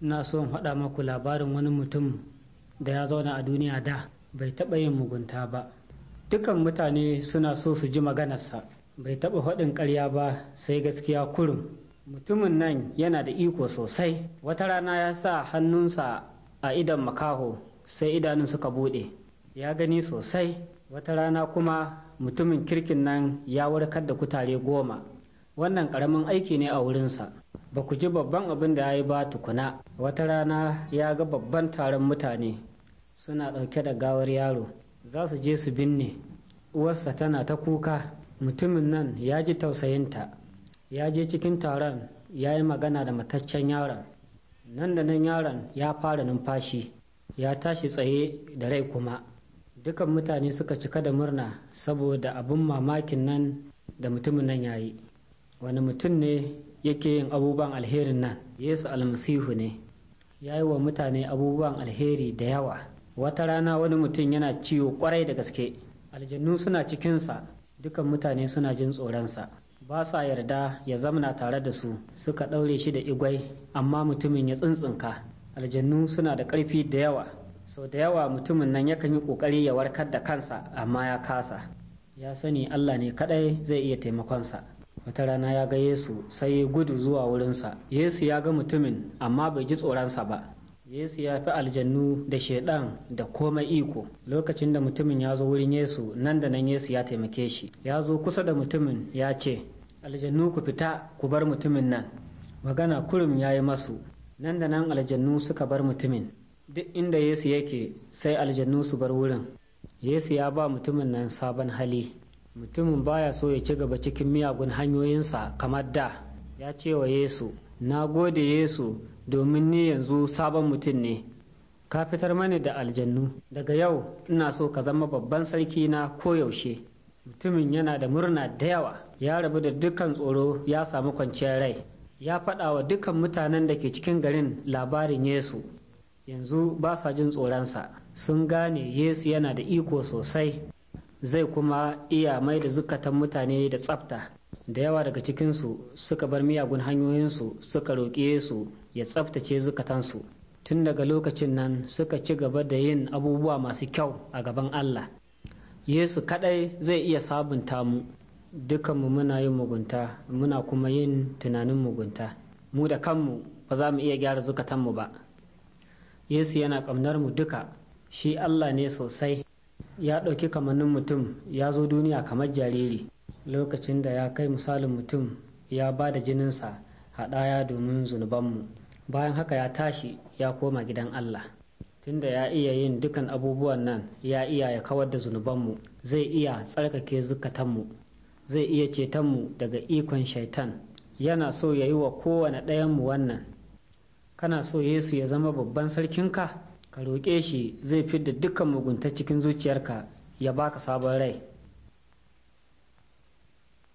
na so in faɗa maku labarin wani mutum da ya zauna a duniya da bai taɓa yin mugunta ba dukan mutane suna so su ji maganarsa bai taɓa faɗin ƙarya ba sai gaskiya kurum mutumin nan yana da iko sosai wata rana ya sa hannunsa a idan makaho sai idanun suka buɗe ya gani sosai wata rana kuma mutumin kirkin nan ya warkar da kutare goma wannan karamin aiki ne a wurinsa ba ku ji babban abin da ya yi ba tukuna wata rana ya ga babban taron mutane suna ɗauke da gawar yaro za su je su binne uwarsa tana ta kuka mutumin nan ya ji tausayinta ya je cikin taron ya yi magana da mataccen yaron nan da nan yaron ya fara numfashi ya tashi tsaye da rai kuma dukan mutane suka cika da murna saboda abin mamakin nan da mutumin nan ya yi wani mutum ne yake yin abubuwan alherin nan yesu almasihu ne ya yi wa mutane abubuwan alheri da yawa wata rana wani mutum yana ciwo kwarai da gaske aljannu suna cikinsa dukan mutane suna jin tsoronsa ba sa yarda ya zamna tare da su suka ɗaure shi da igwai amma mutumin ya tsintsinka aljannu suna da ƙarfi da yawa sau da yawa mutumin nan yakan yi ƙoƙari ya warkar da kansa amma ya kasa ya sani allah ne kaɗai zai iya taimakonsa wata rana ya ga yesu sai ya gudu zuwa wurinsa yesu ya ga mutumin amma bai ji tsoronsa ba yesu ya fi aljannu da shaidan da komai iko lokacin da mutumin ya zo wurin yesu nan da nan yesu ya taimake shi ya zo kusa da mutumin ya ce aljannu ku fita ku bar mutumin nan magana kurum ya yi masu nan da nan aljannu suka bar mutumin duk inda yesu yake sai aljannu su bar wurin yesu ya ba mutumin nan sabon hali mutumin baya so ya ci gaba cikin miyagun hanyoyinsa kamar da ya ce wa yesu na gode yesu domin ni yanzu sabon mutum ne ka fitar mani da aljannu daga yau ina so ka zama babban sarki na koyaushe mutumin yana da murna da yawa ya rabu da dukkan tsoro ya samu kwanciyar rai ya faɗa wa dukkan mutanen da ke cikin garin labarin yesu yanzu ba sa jin tsoronsa sun gane yesu yana da iko sosai zai kuma iya mai da zukatan mutane da tsafta da yawa daga cikinsu suka bar miyagun hanyoyinsu suka roƙi su ya tsaftace zukatansu tun daga lokacin nan suka ci gaba da yin abubuwa masu kyau a gaban allah yesu kadai zai iya sabunta mu dukanmu muna yin mugunta muna kuma yin tunanin mugunta mu da kanmu ba za mu iya gyara zukatanmu ba yesu yana ƙamnar mu duka shi allah ne sosai ya ɗauki kamannin mutum ya zo duniya kamar jariri lokacin da ya kai misalin mutum ya ba da jininsa haɗaya domin zunubanmu bayan haka ya tashi ya koma gidan Allah tunda ya iya yin dukan abubuwan nan ya iya ya kawar da zunubanmu zai iya tsarkake zukatanmu zai iya cetonmu daga ikon shaitan yana so ya yi wa kowane ɗayanmu wannan kana so yesu ya zama babban sarkinka ka roƙe shi zai fidda dukkan mugunta cikin zuciyarka ya baka sabon rai